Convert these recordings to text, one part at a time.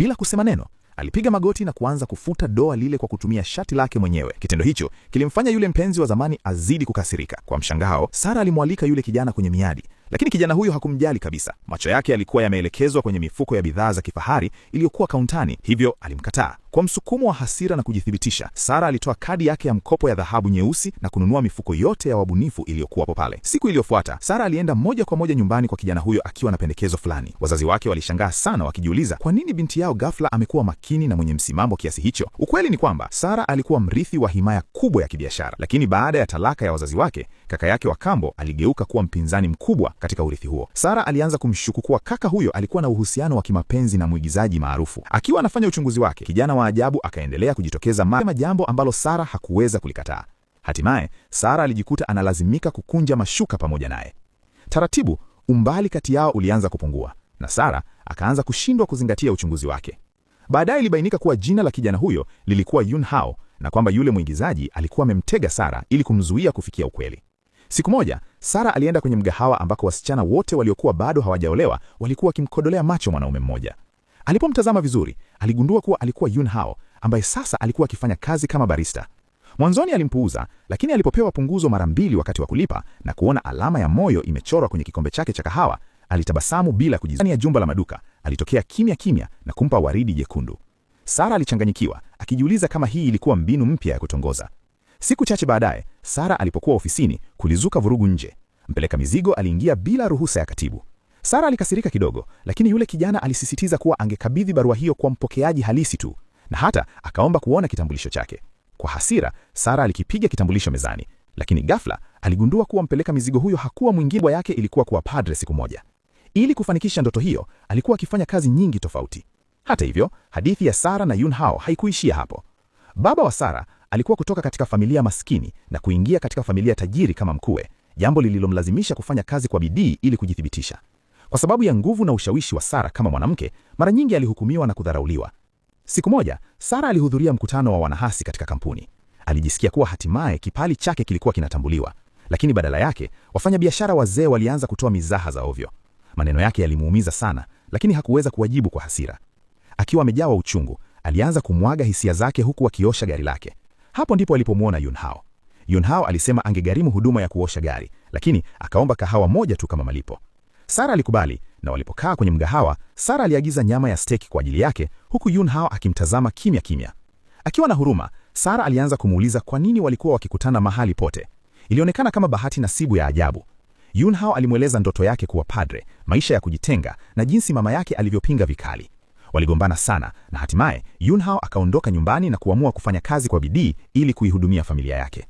Bila kusema neno, alipiga magoti na kuanza kufuta doa lile kwa kutumia shati lake mwenyewe. Kitendo hicho kilimfanya yule mpenzi wa zamani azidi kukasirika. Kwa mshangao, Sara alimwalika yule kijana kwenye miadi, lakini kijana huyo hakumjali kabisa. Macho yake yalikuwa yameelekezwa kwenye mifuko ya bidhaa za kifahari iliyokuwa kauntani, hivyo alimkataa. Kwa msukumo wa hasira na kujithibitisha, Sara alitoa kadi yake ya mkopo ya dhahabu nyeusi na kununua mifuko yote ya wabunifu iliyokuwapo pale. Siku iliyofuata, Sara alienda moja kwa moja nyumbani kwa kijana huyo akiwa na pendekezo fulani. Wazazi wake walishangaa sana, wakijiuliza kwa nini binti yao ghafla amekuwa makini na mwenye msimamo kiasi hicho. Ukweli ni kwamba Sara alikuwa mrithi wa himaya kubwa ya kibiashara, lakini baada ya talaka ya wazazi wake, kaka yake wa kambo aligeuka kuwa mpinzani mkubwa katika urithi huo. Sara alianza kumshuku kuwa kaka huyo alikuwa na uhusiano wa kimapenzi na mwigizaji maarufu. Akiwa anafanya uchunguzi wake, kijana wa wa ajabu akaendelea kujitokeza mapema, jambo ambalo Sara hakuweza kulikataa. Hatimaye Sara alijikuta analazimika kukunja mashuka pamoja naye. Taratibu umbali kati yao ulianza kupungua na Sara akaanza kushindwa kuzingatia uchunguzi wake. Baadaye ilibainika kuwa jina la kijana huyo lilikuwa Yun Hao na kwamba yule mwigizaji alikuwa amemtega Sara ili kumzuia kufikia ukweli. Siku moja Sara alienda kwenye mgahawa ambako wasichana wote waliokuwa bado hawajaolewa walikuwa wakimkodolea macho mwanaume mmoja. Alipomtazama vizuri, aligundua kuwa alikuwa Yun Hao ambaye sasa alikuwa akifanya kazi kama barista. Mwanzoni alimpuuza, lakini alipopewa punguzo mara mbili wakati wa kulipa na kuona alama ya moyo imechorwa kwenye kikombe chake cha kahawa, alitabasamu bila kujizuia. ya jumba la maduka alitokea kimya kimya na kumpa waridi jekundu. Sara alichanganyikiwa, akijiuliza kama hii ilikuwa mbinu mpya ya kutongoza. Siku chache baadaye, Sara alipokuwa ofisini, kulizuka vurugu nje. Mpeleka mizigo aliingia bila ruhusa ya katibu. Sara alikasirika kidogo, lakini yule kijana alisisitiza kuwa angekabidhi barua hiyo kwa mpokeaji halisi tu, na hata akaomba kuona kitambulisho chake. Kwa hasira, Sara alikipiga kitambulisho mezani, lakini ghafla aligundua kuwa mpeleka mizigo huyo hakuwa mwingine yake, ilikuwa kuwa padre siku moja. Ili kufanikisha ndoto hiyo, alikuwa akifanya kazi nyingi tofauti. Hata hivyo, hadithi ya Sara na Yun Hao haikuishia hapo. Baba wa Sara alikuwa kutoka katika familia maskini na kuingia katika familia tajiri kama mkuu, jambo lililomlazimisha kufanya kazi kwa bidii ili kujithibitisha. Kwa sababu ya nguvu na ushawishi wa Sara kama mwanamke, mara nyingi alihukumiwa na kudharauliwa. Siku moja, Sara alihudhuria mkutano wa wanahasi katika kampuni. Alijisikia kuwa hatimaye kipali chake kilikuwa kinatambuliwa, lakini badala yake wafanyabiashara wazee walianza kutoa mizaha za ovyo. Maneno yake yalimuumiza sana, lakini hakuweza kuwajibu kwa hasira. Akiwa amejawa uchungu, alianza kumwaga hisia zake huku akiosha gari lake. Hapo ndipo alipomwona Yunhao. Yunhao alisema angegharimu huduma ya kuosha gari, lakini akaomba kahawa moja tu kama malipo. Sara alikubali, na walipokaa kwenye mgahawa, Sara aliagiza nyama ya steki kwa ajili yake, huku Hao akimtazama kimya kimya. Akiwa na huruma, Sara alianza kumuuliza kwa nini walikuwa wakikutana mahali pote. Ilionekana kama bahati nasibu ya ajabu. Hao alimweleza ndoto yake kuwa padre, maisha ya kujitenga na jinsi mama yake alivyopinga vikali. Waligombana sana na hatimaye Hao akaondoka nyumbani na kuamua kufanya kazi kwa bidii ili kuihudumia familia yake.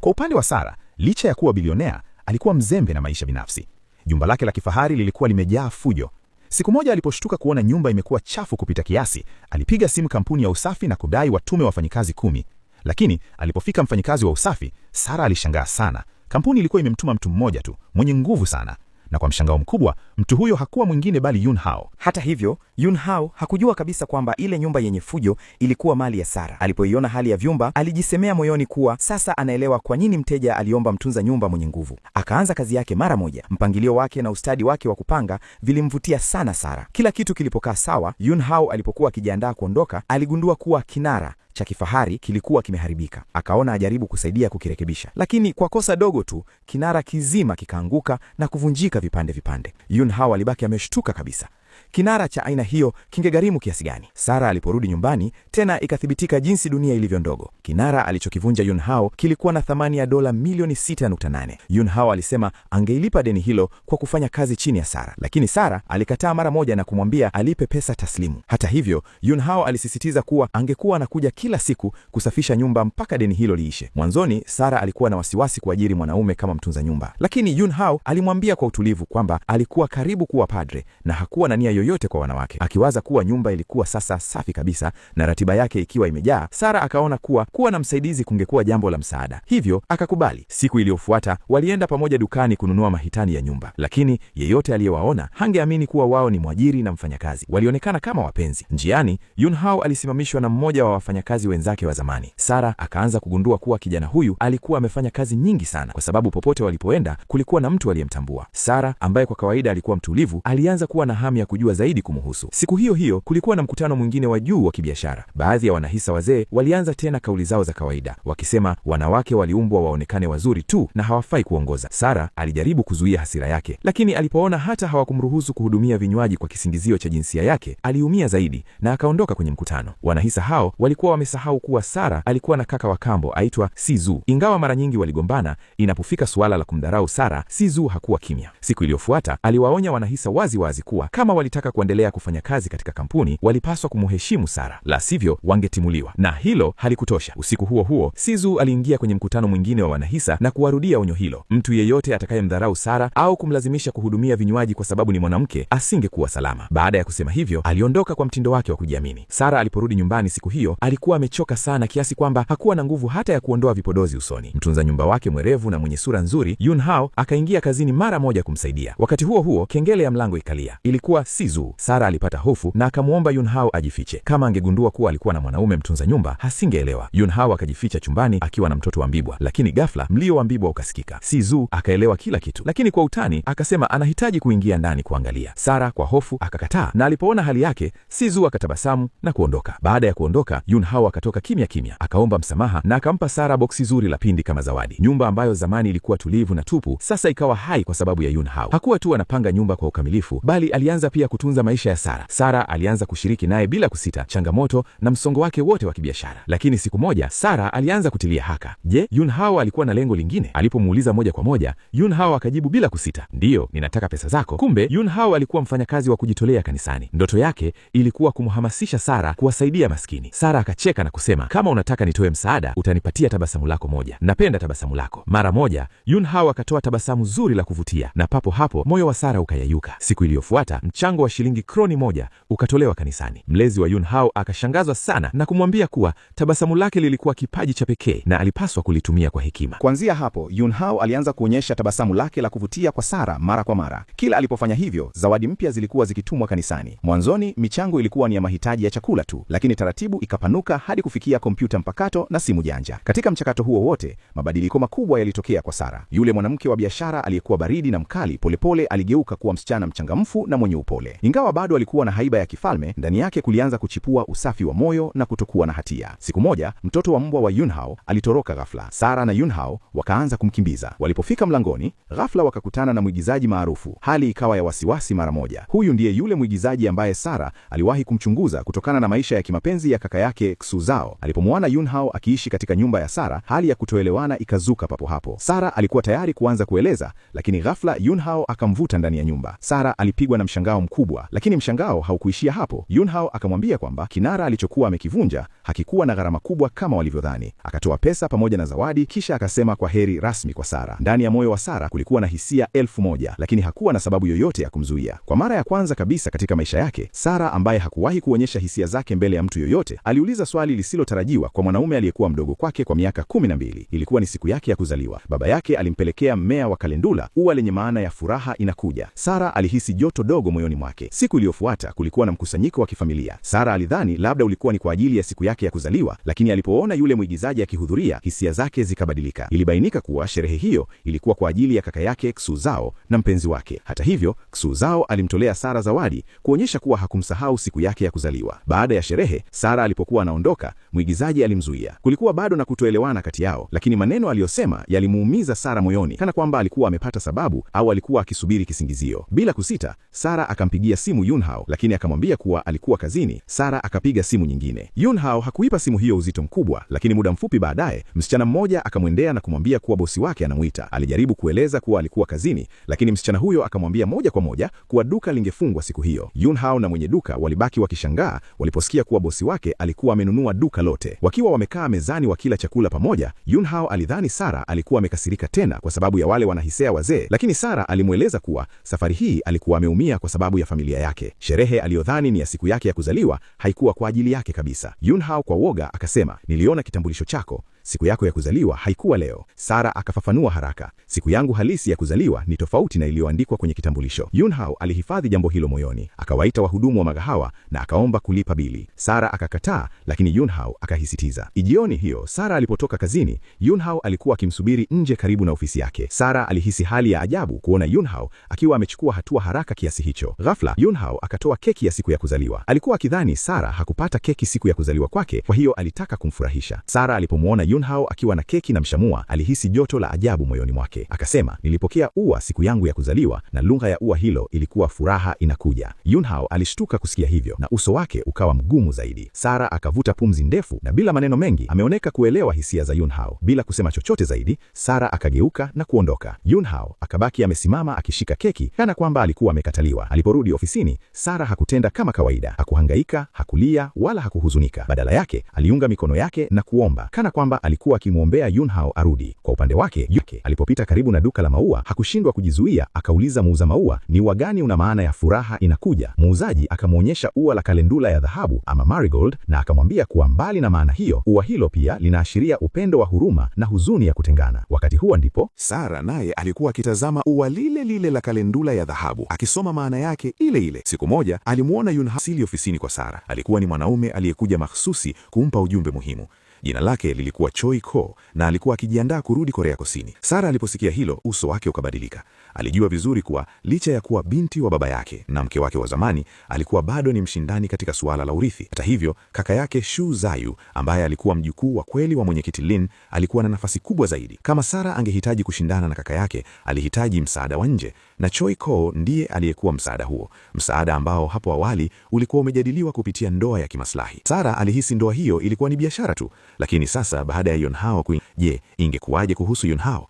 Kwa upande wa Sara, licha ya kuwa bilionea, alikuwa mzembe na maisha binafsi. Jumba lake la kifahari lilikuwa limejaa fujo. Siku moja aliposhtuka kuona nyumba imekuwa chafu kupita kiasi, alipiga simu kampuni ya usafi na kudai watume wafanyikazi kumi. Lakini alipofika mfanyikazi wa usafi, Sara alishangaa sana. Kampuni ilikuwa imemtuma mtu mmoja tu mwenye nguvu sana na kwa mshangao mkubwa mtu huyo hakuwa mwingine bali Yun Hao. Hata hivyo, Yun Hao hakujua kabisa kwamba ile nyumba yenye fujo ilikuwa mali ya Sara. Alipoiona hali ya vyumba, alijisemea moyoni kuwa sasa anaelewa kwa nini mteja aliomba mtunza nyumba mwenye nguvu. Akaanza kazi yake mara moja. Mpangilio wake na ustadi wake wa kupanga vilimvutia sana Sara. Kila kitu kilipokaa sawa, Yun Hao alipokuwa akijiandaa kuondoka, aligundua kuwa kinara cha kifahari kilikuwa kimeharibika. Akaona ajaribu kusaidia kukirekebisha, lakini kwa kosa dogo tu kinara kizima kikaanguka na kuvunjika vipande vipande. Yun Hao alibaki ameshtuka kabisa kinara cha aina hiyo kingegharimu kiasi gani? Sara aliporudi nyumbani tena ikathibitika jinsi dunia ilivyo ndogo. Kinara alichokivunja Hao kilikuwa na thamani ya dola milioni 6.8. Hao alisema angeilipa deni hilo kwa kufanya kazi chini ya Sara, lakini Sara alikataa mara moja na kumwambia alipe pesa taslimu. Hata hivyo, Hao alisisitiza kuwa angekuwa anakuja kila siku kusafisha nyumba mpaka deni hilo liishe. Mwanzoni Sara alikuwa na wasiwasi kuajiri mwanaume kama mtunza nyumba, lakini Hao alimwambia kwa utulivu kwamba alikuwa karibu kuwa padre na hakuwa na nia yoyote kwa wanawake. Akiwaza kuwa nyumba ilikuwa sasa safi kabisa na ratiba yake ikiwa imejaa, Sara akaona kuwa kuwa na msaidizi kungekuwa jambo la msaada, hivyo akakubali. Siku iliyofuata walienda pamoja dukani kununua mahitaji ya nyumba, lakini yeyote aliyewaona hangeamini kuwa wao ni mwajiri na mfanyakazi. Walionekana kama wapenzi. Njiani, Yunhao alisimamishwa na mmoja wa wafanyakazi wenzake wa zamani. Sara akaanza kugundua kuwa kijana huyu alikuwa amefanya kazi nyingi sana, kwa sababu popote walipoenda kulikuwa na mtu aliyemtambua. Sara ambaye kwa kawaida alikuwa mtulivu, alianza kuwa na hamu ya kujua zaidi kumuhusu. Siku hiyo hiyo kulikuwa na mkutano mwingine wa juu wa kibiashara. Baadhi ya wanahisa wazee walianza tena kauli zao za kawaida, wakisema wanawake waliumbwa waonekane wazuri tu na hawafai kuongoza. Sara alijaribu kuzuia hasira yake, lakini alipoona hata hawakumruhusu kuhudumia vinywaji kwa kisingizio cha jinsia yake, aliumia zaidi na akaondoka kwenye mkutano. Wanahisa hao walikuwa wamesahau kuwa Sara alikuwa na kaka wa kambo aitwa Sizu. Ingawa mara nyingi waligombana, inapofika suala la kumdharau Sara, Sizu hakuwa kimya. Siku iliyofuata aliwaonya wanahisa wazi wazi kuwa kama wali walitaka kuendelea kufanya kazi katika kampuni walipaswa kumheshimu Sara, la sivyo wangetimuliwa. Na hilo halikutosha. Usiku huo huo, Sizu aliingia kwenye mkutano mwingine wa wanahisa na kuwarudia onyo hilo: mtu yeyote atakayemdharau Sara au kumlazimisha kuhudumia vinywaji kwa sababu ni mwanamke asingekuwa salama. Baada ya kusema hivyo, aliondoka kwa mtindo wake wa kujiamini. Sara aliporudi nyumbani siku hiyo, alikuwa amechoka sana kiasi kwamba hakuwa na nguvu hata ya kuondoa vipodozi usoni. Mtunza nyumba wake mwerevu na mwenye sura nzuri Yun Hao akaingia kazini mara moja kumsaidia. Wakati huo huo, kengele ya mlango ikalia. Ilikuwa si si Zu. Sara alipata hofu na akamwomba Yunhao ajifiche. Kama angegundua kuwa alikuwa na mwanaume mtunza nyumba, hasingeelewa. Yunhao akajificha chumbani akiwa na mtoto wa Mbibwa, lakini ghafla mlio wa Mbibwa ukasikika. Si Zu akaelewa kila kitu, lakini kwa utani akasema anahitaji kuingia ndani kuangalia. Sara kwa hofu akakataa, na alipoona hali yake, Si Zu akatabasamu na kuondoka. Baada ya kuondoka, Yunhao akatoka kimya kimya, akaomba msamaha na akampa Sara boksi zuri la pindi kama zawadi. Nyumba ambayo zamani ilikuwa tulivu na tupu, sasa ikawa hai kwa sababu ya Yunhao. Hakuwa tu anapanga nyumba kwa ukamilifu, bali alianza pia kutunza maisha ya Sara. Sara alianza kushiriki naye bila kusita changamoto na msongo wake wote wa kibiashara. Lakini siku moja Sara alianza kutilia haka. Je, Hao alikuwa na lengo lingine? Alipomuuliza moja kwa moja, Hao akajibu bila kusita, ndiyo, ninataka pesa zako. Kumbe Hao alikuwa mfanyakazi wa kujitolea kanisani. Ndoto yake ilikuwa kumhamasisha Sara kuwasaidia maskini. Sara akacheka na kusema, kama unataka nitoe msaada, utanipatia tabasamu lako moja. Napenda tabasamu lako. Mara moja Hao akatoa tabasamu zuri la kuvutia, na papo hapo moyo wa Sara ukayayuka. Siku iliyofuata mchango wa shilingi kroni moja ukatolewa kanisani. Mlezi wa Hao akashangazwa sana na kumwambia kuwa tabasamu lake lilikuwa kipaji cha pekee na alipaswa kulitumia kwa hekima. Kuanzia hapo, Hao alianza kuonyesha tabasamu lake la kuvutia kwa Sara mara kwa mara. Kila alipofanya hivyo, zawadi mpya zilikuwa zikitumwa kanisani. Mwanzoni michango ilikuwa ni ya mahitaji ya chakula tu, lakini taratibu ikapanuka hadi kufikia kompyuta mpakato na simu janja. Katika mchakato huo wote, mabadiliko makubwa yalitokea kwa Sara. Yule mwanamke wa biashara aliyekuwa baridi na mkali, polepole aligeuka kuwa msichana mchangamfu na mwenye upole. Ingawa bado alikuwa na haiba ya kifalme, ndani yake kulianza kuchipua usafi wa moyo na kutokuwa na hatia. Siku moja, mtoto wa mbwa wa Yunhao alitoroka ghafla. Sara na Yunhao wakaanza kumkimbiza. Walipofika mlangoni, ghafla wakakutana na mwigizaji maarufu. Hali ikawa ya wasiwasi mara moja. Huyu ndiye yule mwigizaji ambaye Sara aliwahi kumchunguza kutokana na maisha ya kimapenzi ya kaka yake Xuzao. Alipomwona Yunhao akiishi katika nyumba ya Sara, hali ya kutoelewana ikazuka papo hapo. Sara alikuwa tayari kuanza kueleza, lakini ghafla Yunhao akamvuta ndani ya nyumba. Sara alipigwa na mshangao mkubwa kubwa, lakini mshangao haukuishia hapo. Yunhao akamwambia kwamba kinara alichokuwa amekivunja hakikuwa na gharama kubwa kama walivyodhani. Akatoa pesa pamoja na zawadi, kisha akasema kwa heri rasmi kwa Sara. Ndani ya moyo wa Sara kulikuwa na hisia elfu moja, lakini hakuwa na sababu yoyote ya kumzuia. Kwa mara ya kwanza kabisa katika maisha yake, Sara ambaye hakuwahi kuonyesha hisia zake mbele ya mtu yoyote, aliuliza swali lisilotarajiwa kwa mwanaume aliyekuwa mdogo kwake kwa miaka kumi na mbili. Ilikuwa ni siku yake ya kuzaliwa. Baba yake alimpelekea mmea wa kalendula, ua lenye maana ya furaha inakuja. Sara alihisi joto dogo moyoni mwake wake. Siku iliyofuata kulikuwa na mkusanyiko wa kifamilia. Sara alidhani labda ulikuwa ni kwa ajili ya siku yake ya kuzaliwa, lakini alipoona yule mwigizaji akihudhuria, hisia zake zikabadilika. Ilibainika kuwa sherehe hiyo ilikuwa kwa ajili ya kaka yake Xuzao na mpenzi wake. Hata hivyo, Xuzao alimtolea Sara zawadi kuonyesha kuwa hakumsahau siku yake ya kuzaliwa. Baada ya sherehe, Sara alipokuwa anaondoka mwigizaji alimzuia. Kulikuwa bado na kutoelewana kati yao, lakini maneno aliyosema yalimuumiza Sara moyoni, kana kwamba alikuwa amepata sababu au alikuwa akisubiri kisingizio. Bila kusita, Sara akampigia simu Yunhao, lakini akamwambia kuwa alikuwa kazini. Sara akapiga simu nyingine. Yunhao hakuipa simu hiyo uzito mkubwa, lakini muda mfupi baadaye msichana mmoja akamwendea na kumwambia kuwa bosi wake anamwita. Alijaribu kueleza kuwa alikuwa kazini, lakini msichana huyo akamwambia moja kwa moja kuwa duka lingefungwa siku hiyo. Yunhao na mwenye duka walibaki wakishangaa waliposikia kuwa bosi wake alikuwa amenunua duka lote. Wakiwa wamekaa mezani wakila chakula pamoja, Yunhao alidhani Sara alikuwa amekasirika tena kwa sababu ya wale wanahisea wazee, lakini Sara alimweleza kuwa safari hii alikuwa ameumia kwa sababu ya familia yake. Sherehe aliyodhani ni ya siku yake ya kuzaliwa haikuwa kwa ajili yake kabisa. Yunhao kwa woga akasema, niliona kitambulisho chako siku yako ya kuzaliwa haikuwa leo. Sara akafafanua haraka, siku yangu halisi ya kuzaliwa ni tofauti na iliyoandikwa kwenye kitambulisho. Yunhao alihifadhi jambo hilo moyoni, akawaita wahudumu wa magahawa na akaomba kulipa bili. Sara akakataa, lakini Yunhao akahisitiza. ijioni hiyo Sara alipotoka kazini, Yunhao alikuwa akimsubiri nje karibu na ofisi yake. Sara alihisi hali ya ajabu kuona Yunhao akiwa amechukua hatua haraka kiasi hicho. Ghafla Yunhao akatoa keki ya siku ya kuzaliwa. Alikuwa akidhani Sara hakupata keki siku ya kuzaliwa kwake, kwa hiyo alitaka kumfurahisha. Sara alipomwona Yunhao akiwa na keki na mshamua, alihisi joto la ajabu moyoni mwake. Akasema, nilipokea ua siku yangu ya kuzaliwa, na lugha ya ua hilo ilikuwa furaha inakuja. Yunhao alishtuka kusikia hivyo na uso wake ukawa mgumu zaidi. Sara akavuta pumzi ndefu na bila maneno mengi ameoneka kuelewa hisia za Yunhao. Bila kusema chochote zaidi, Sara akageuka na kuondoka. Yunhao akabaki amesimama akishika keki kana kwamba alikuwa amekataliwa. Aliporudi ofisini, Sara hakutenda kama kawaida. Hakuhangaika, hakulia wala hakuhuzunika. Badala yake, aliunga mikono yake na kuomba kana kwamba alikuwa akimwombea Yunhao arudi. Kwa upande wake Yuke alipopita karibu na duka la maua hakushindwa kujizuia, akauliza muuza maua, ni ua gani una maana ya furaha inakuja? Muuzaji akamwonyesha ua la kalendula ya dhahabu ama marigold, na akamwambia kuwa mbali na maana hiyo, ua hilo pia linaashiria upendo wa huruma na huzuni ya kutengana. Wakati huo ndipo Sara naye alikuwa akitazama ua lile lile la kalendula ya dhahabu akisoma maana yake ile ile. Siku moja alimwona Yunhao ofisini kwa Sara. Alikuwa ni mwanaume aliyekuja mahsusi kumpa ujumbe muhimu. Jina lake lilikuwa Choi Ko na alikuwa akijiandaa kurudi Korea Kusini. Sara aliposikia hilo, uso wake ukabadilika. Alijua vizuri kuwa licha ya kuwa binti wa baba yake na mke wake wa zamani, alikuwa bado ni mshindani katika suala la urithi. Hata hivyo, kaka yake Shu Zayu ambaye alikuwa mjukuu wa kweli wa mwenyekiti Lin alikuwa na nafasi kubwa zaidi. Kama Sara angehitaji kushindana na kaka yake, alihitaji msaada wa nje na Choi Ko ndiye aliyekuwa msaada huo, msaada ambao hapo awali ulikuwa umejadiliwa kupitia ndoa ya kimaslahi. Sara alihisi ndoa hiyo ilikuwa ni biashara tu, lakini sasa baada ya Yunhao kuin... je, ingekuwaje kuhusu Yunhao?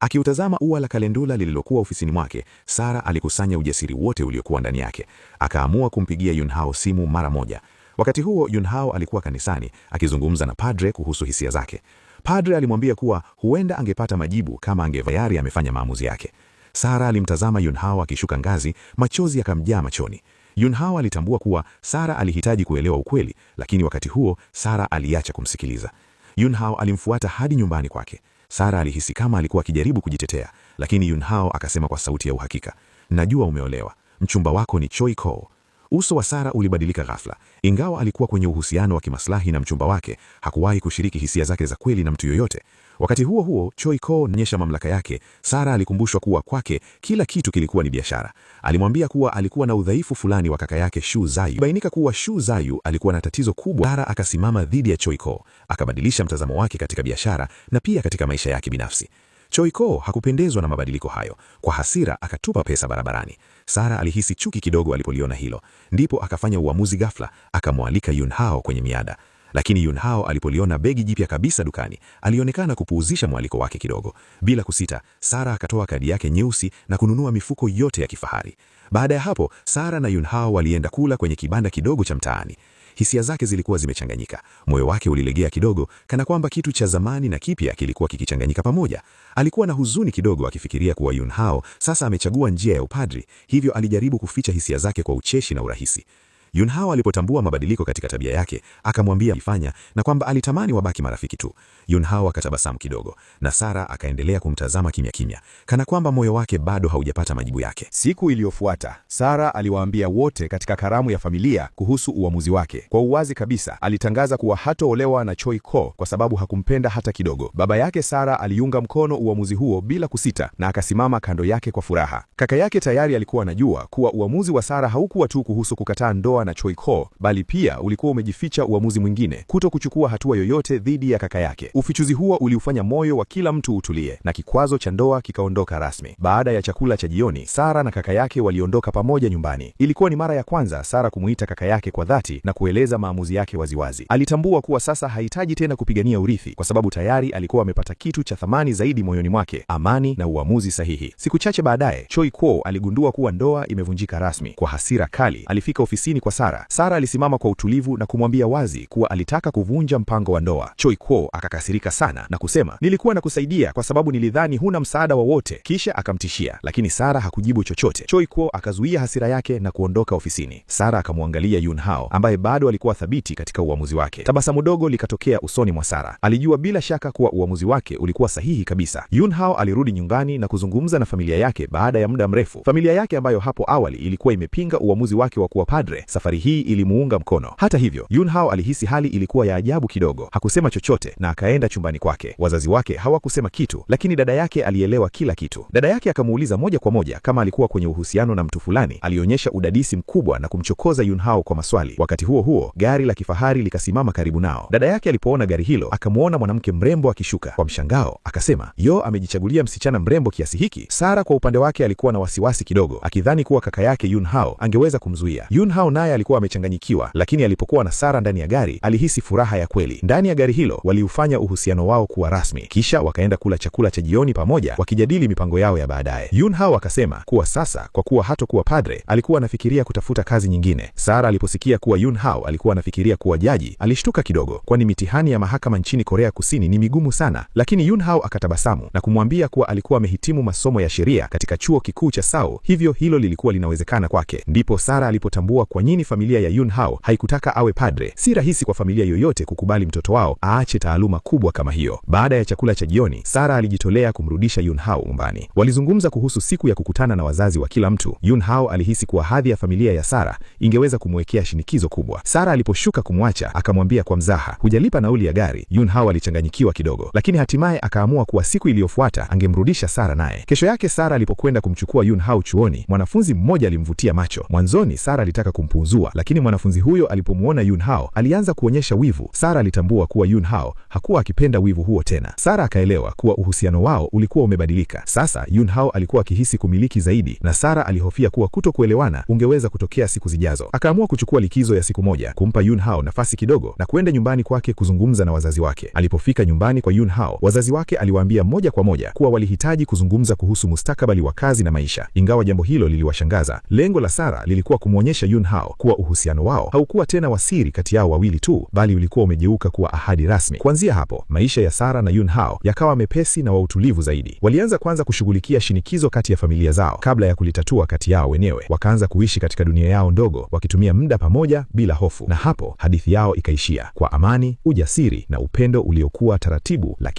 Akiutazama ua la kalendula lililokuwa ofisini mwake, Sara alikusanya ujasiri wote uliokuwa ndani yake. Akaamua kumpigia Yunhao simu mara moja. Wakati huo Yunhao alikuwa kanisani akizungumza na padre kuhusu hisia zake. Padre alimwambia kuwa huenda angepata majibu kama angevayari amefanya maamuzi yake. Sara alimtazama Yunhao akishuka ngazi, machozi yakamjaa machoni. Yunhao alitambua kuwa Sara alihitaji kuelewa ukweli, lakini wakati huo Sara aliacha kumsikiliza. Yunhao alimfuata hadi nyumbani kwake. Sara alihisi kama alikuwa akijaribu kujitetea, lakini Yunhao akasema kwa sauti ya uhakika, najua umeolewa, mchumba wako ni Choi Ko. Uso wa Sara ulibadilika ghafla. Ingawa alikuwa kwenye uhusiano wa kimaslahi na mchumba wake, hakuwahi kushiriki hisia zake za kweli na mtu yoyote. Wakati huo huo, Choi Ko nyesha mamlaka yake. Sara alikumbushwa kuwa kwake kila kitu kilikuwa ni biashara. Alimwambia kuwa alikuwa na udhaifu fulani wa kaka yake Shu Zayu. Bainika kuwa Shu Zayu alikuwa na tatizo kubwa. Sara akasimama dhidi ya Choi Ko, akabadilisha mtazamo wake katika biashara na pia katika maisha yake binafsi. Choiko hakupendezwa na mabadiliko hayo. Kwa hasira akatupa pesa barabarani. Sara alihisi chuki kidogo alipoliona hilo, ndipo akafanya uamuzi ghafla, akamwalika Yunhao kwenye miada. Lakini Yunhao alipoliona begi jipya kabisa dukani, alionekana kupuuzisha mwaliko wake kidogo. Bila kusita, Sara akatoa kadi yake nyeusi na kununua mifuko yote ya kifahari. Baada ya hapo, Sara na Yunhao walienda kula kwenye kibanda kidogo cha mtaani. Hisia zake zilikuwa zimechanganyika, moyo wake ulilegea kidogo, kana kwamba kitu cha zamani na kipya kilikuwa kikichanganyika pamoja. Alikuwa na huzuni kidogo, akifikiria kuwa Yun Hao sasa amechagua njia ya upadri, hivyo alijaribu kuficha hisia zake kwa ucheshi na urahisi. Yun Hao alipotambua mabadiliko katika tabia yake, akamwambia ifanya na kwamba alitamani wabaki marafiki tu. Yunhao akatabasamu kidogo na Sara akaendelea kumtazama kimya kimya, kana kwamba moyo wake bado haujapata majibu yake. Siku iliyofuata Sara aliwaambia wote katika karamu ya familia kuhusu uamuzi wake. Kwa uwazi kabisa, alitangaza kuwa hataolewa na Choi Ko kwa sababu hakumpenda hata kidogo. Baba yake Sara aliunga mkono uamuzi huo bila kusita na akasimama kando yake kwa furaha. Kaka yake tayari alikuwa anajua kuwa uamuzi wa Sara haukuwa tu kuhusu kukataa ndoa na Choi Ko, bali pia ulikuwa umejificha uamuzi mwingine, kuto kuchukua hatua yoyote dhidi ya kaka yake. Ufichuzi huo uliufanya moyo wa kila mtu utulie na kikwazo cha ndoa kikaondoka rasmi. Baada ya chakula cha jioni, Sara na kaka yake waliondoka pamoja nyumbani. Ilikuwa ni mara ya kwanza Sara kumuita kaka yake kwa dhati na kueleza maamuzi yake waziwazi. Alitambua kuwa sasa hahitaji tena kupigania urithi kwa sababu tayari alikuwa amepata kitu cha thamani zaidi moyoni mwake, amani na uamuzi sahihi. Siku chache baadaye, Choi Kuo aligundua kuwa ndoa imevunjika rasmi. Kwa hasira kali, alifika ofisini kwa Sara. Sara alisimama kwa utulivu na kumwambia wazi kuwa alitaka kuvunja mpango wa ndoa. Choi Kuo akaka akakasirika sana na kusema, nilikuwa nakusaidia kwa sababu nilidhani huna msaada wowote, kisha akamtishia, lakini Sara hakujibu chochote. Choi Kuo akazuia hasira yake na kuondoka ofisini. Sara akamwangalia Yun Hao ambaye bado alikuwa thabiti katika uamuzi wake. Tabasamu dogo likatokea usoni mwa Sara. Alijua bila shaka kuwa uamuzi wake ulikuwa sahihi kabisa. Yun Hao alirudi nyumbani na kuzungumza na familia yake baada ya muda mrefu. Familia yake ambayo hapo awali ilikuwa imepinga uamuzi wake wa kuwa padre, safari hii ilimuunga mkono. Hata hivyo, Yun Hao alihisi hali ilikuwa ya ajabu kidogo. Hakusema chochote na akae akaenda chumbani kwake. Wazazi wake hawakusema kitu, lakini dada yake alielewa kila kitu. Dada yake akamuuliza moja kwa moja kama alikuwa kwenye uhusiano na mtu fulani. Alionyesha udadisi mkubwa na kumchokoza Yunhao kwa maswali. Wakati huo huo, gari la kifahari likasimama karibu nao. Dada yake alipoona gari hilo, akamwona mwanamke mrembo akishuka. Kwa mshangao, akasema, "Yo, amejichagulia msichana mrembo kiasi hiki." Sara kwa upande wake alikuwa na wasiwasi kidogo, akidhani kuwa kaka yake Yunhao angeweza kumzuia. Yunhao naye alikuwa amechanganyikiwa, lakini alipokuwa na Sara ndani ya gari, alihisi furaha ya kweli. Ndani ya gari hilo waliufanya uhusiano wao kuwa rasmi, kisha wakaenda kula chakula cha jioni pamoja, wakijadili mipango yao ya baadaye. Yunhao akasema kuwa sasa, kwa kuwa hatokuwa padre, alikuwa anafikiria kutafuta kazi nyingine. Sara aliposikia kuwa Yunhao alikuwa anafikiria kuwa jaji, alishtuka kidogo, kwani mitihani ya mahakama nchini Korea Kusini ni migumu sana, lakini Yunhao akatabasamu na kumwambia kuwa alikuwa amehitimu masomo ya sheria katika chuo kikuu cha sao hivyo hilo lilikuwa linawezekana kwake. Ndipo Sara alipotambua kwa nini familia ya Yunhao haikutaka awe padre. Si rahisi kwa familia yoyote kukubali mtoto wao aache taaluma kuu kubwa kama hiyo. Baada ya chakula cha jioni, Sara alijitolea kumrudisha Hao nyumbani. Walizungumza kuhusu siku ya kukutana na wazazi wa kila mtu. Hao alihisi kuwa hadhi ya familia ya Sara ingeweza kumwekea shinikizo kubwa. Sara aliposhuka kumwacha, akamwambia kwa mzaha, hujalipa nauli ya gari. Hao alichanganyikiwa kidogo, lakini hatimaye akaamua kuwa siku iliyofuata angemrudisha Sara naye. Kesho yake Sara alipokwenda kumchukua Hao chuoni, mwanafunzi mmoja alimvutia macho. Mwanzoni Sara alitaka kumpuuzua, lakini mwanafunzi huyo alipomwona Hao alianza kuonyesha wivu. Sara alitambua kuwa Hao hakuwa akipenda wivu huo tena. Sara akaelewa kuwa uhusiano wao ulikuwa umebadilika. Sasa Yunhao alikuwa akihisi kumiliki zaidi, na Sara alihofia kuwa kuto kuelewana ungeweza kutokea siku zijazo. Akaamua kuchukua likizo ya siku moja, kumpa Yunhao nafasi kidogo na kwenda nyumbani kwake kuzungumza na wazazi wake. Alipofika nyumbani kwa Yunhao, wazazi wake aliwaambia moja kwa moja kuwa walihitaji kuzungumza kuhusu mustakabali wa kazi na maisha. Ingawa jambo hilo liliwashangaza, lengo la Sara lilikuwa kumwonyesha Yunhao kuwa uhusiano wao haukuwa tena wasiri kati yao wawili tu, bali ulikuwa umegeuka kuwa ahadi rasmi. Kuanzia hapo, maisha ya Sara na Yun Hao yakawa mepesi na wa utulivu zaidi. Walianza kwanza kushughulikia shinikizo kati ya familia zao kabla ya kulitatua kati yao wenyewe. Wakaanza kuishi katika dunia yao ndogo, wakitumia muda pamoja bila hofu, na hapo hadithi yao ikaishia kwa amani, ujasiri na upendo uliokuwa taratibu lakini